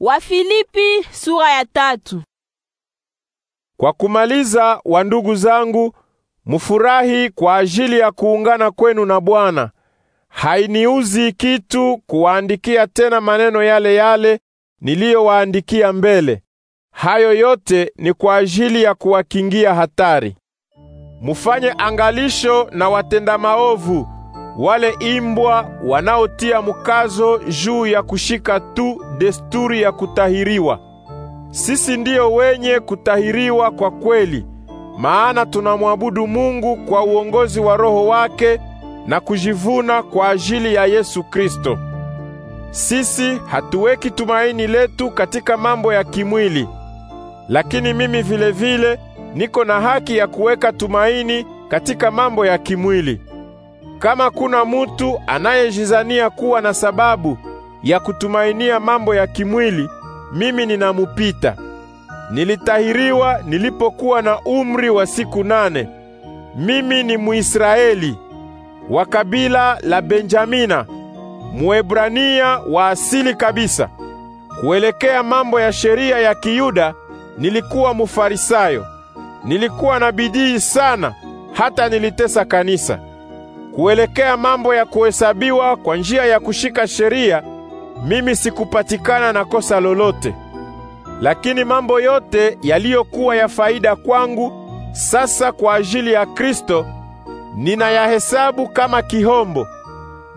Wafilipi sura ya tatu. Kwa kumaliza, wandugu zangu, mufurahi kwa ajili ya kuungana kwenu na Bwana. Hainiuzi kitu kuwaandikia tena maneno yale yale niliyowaandikia mbele. Hayo yote ni kwa ajili ya kuwakingia hatari. Mufanye angalisho na watenda maovu wale imbwa wanaotia mkazo juu ya kushika tu desturi ya kutahiriwa. Sisi ndiyo wenye kutahiriwa kwa kweli, maana tunamwabudu Mungu kwa uongozi wa Roho wake na kujivuna kwa ajili ya Yesu Kristo. Sisi hatuweki tumaini letu katika mambo ya kimwili, lakini mimi vile vile, niko na haki ya kuweka tumaini katika mambo ya kimwili. Kama kuna mutu anayejizania kuwa na sababu ya kutumainia mambo ya kimwili, mimi ninamupita. Nilitahiriwa nilipokuwa na umri wa siku nane. Mimi ni Muisraeli wa kabila la Benjamina, Muebrania wa asili kabisa. Kuelekea mambo ya sheria ya Kiyuda nilikuwa Mufarisayo. Nilikuwa na bidii sana hata nilitesa kanisa. Kuelekea mambo ya kuhesabiwa kwa njia ya kushika sheria, mimi sikupatikana na kosa lolote. Lakini mambo yote yaliyokuwa ya faida kwangu sasa kwa ajili ya Kristo ninayahesabu kama kihombo.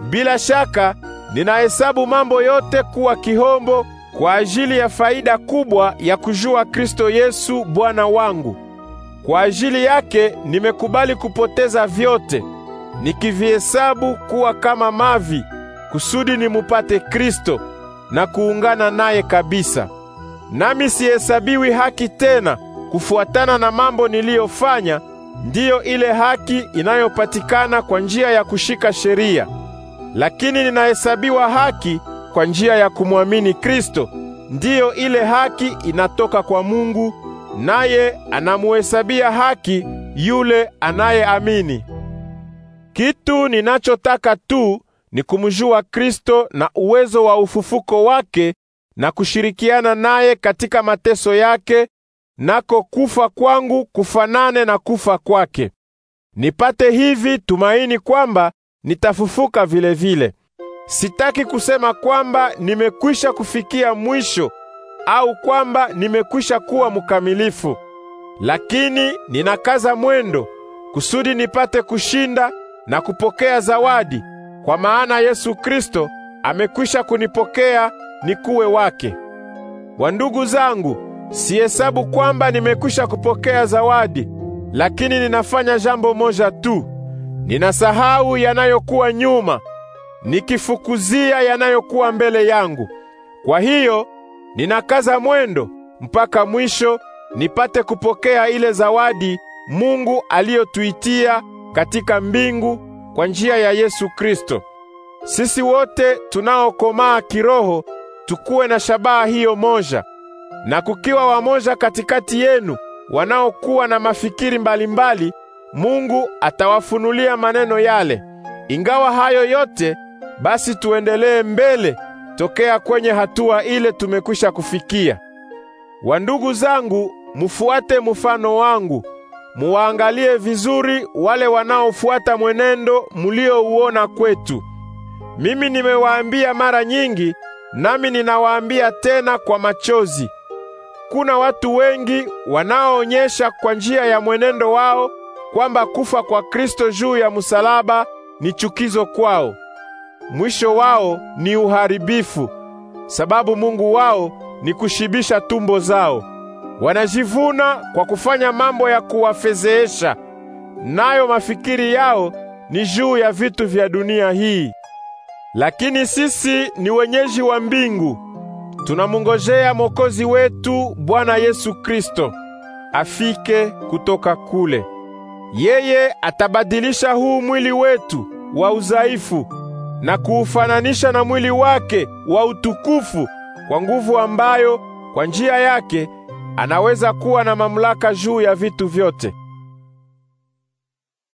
Bila shaka ninahesabu mambo yote kuwa kihombo kwa ajili ya faida kubwa ya kujua Kristo Yesu Bwana wangu. Kwa ajili yake nimekubali kupoteza vyote nikivihesabu kuwa kama mavi, kusudi nimupate Kristo na kuungana naye kabisa. Nami sihesabiwi haki tena kufuatana na mambo niliyofanya, ndiyo ile haki inayopatikana kwa njia ya kushika sheria, lakini ninahesabiwa haki kwa njia ya kumwamini Kristo, ndiyo ile haki inatoka kwa Mungu, naye anamuhesabia haki yule anayeamini. Kitu ninachotaka tu ni kumjua Kristo na uwezo wa ufufuko wake na kushirikiana naye katika mateso yake, nako kufa kwangu kufanane na kufa kwake, nipate hivi tumaini kwamba nitafufuka vile vile. Sitaki kusema kwamba nimekwisha kufikia mwisho au kwamba nimekwisha kuwa mkamilifu, lakini ninakaza mwendo kusudi nipate kushinda na kupokea zawadi, kwa maana Yesu Kristo amekwisha kunipokea nikuwe wake. Wandugu zangu, sihesabu kwamba nimekwisha kupokea zawadi, lakini ninafanya jambo moja tu: ninasahau yanayokuwa nyuma, nikifukuzia yanayokuwa mbele yangu. Kwa hiyo ninakaza mwendo mpaka mwisho, nipate kupokea ile zawadi Mungu aliyotuitia katika mbingu kwa njia ya Yesu Kristo. Sisi wote tunaokomaa kiroho tukuwe na shabaha hiyo moja, na kukiwa wamoja katikati yenu wanaokuwa na mafikiri mbalimbali, Mungu atawafunulia maneno yale. Ingawa hayo yote, basi tuendelee mbele tokea kwenye hatua ile tumekwisha kufikia. Wandugu zangu, mufuate mfano wangu muwaangalie vizuri wale wanaofuata mwenendo muliouona kwetu. Mimi nimewaambia mara nyingi, nami ninawaambia tena kwa machozi. Kuna watu wengi wanaoonyesha kwa njia ya mwenendo wao kwamba kufa kwa Kristo juu ya msalaba ni chukizo kwao. Mwisho wao ni uharibifu, sababu Mungu wao ni kushibisha tumbo zao. Wanajivuna kwa kufanya mambo ya kuwafezeesha, nayo mafikiri yao ni juu ya vitu vya dunia hii. Lakini sisi ni wenyeji wa mbingu, tunamungojea Mwokozi wetu Bwana Yesu Kristo afike kutoka kule. Yeye atabadilisha huu mwili wetu wa udhaifu na kuufananisha na mwili wake wa utukufu kwa nguvu ambayo kwa njia yake anaweza kuwa na mamlaka juu ya vitu vyote.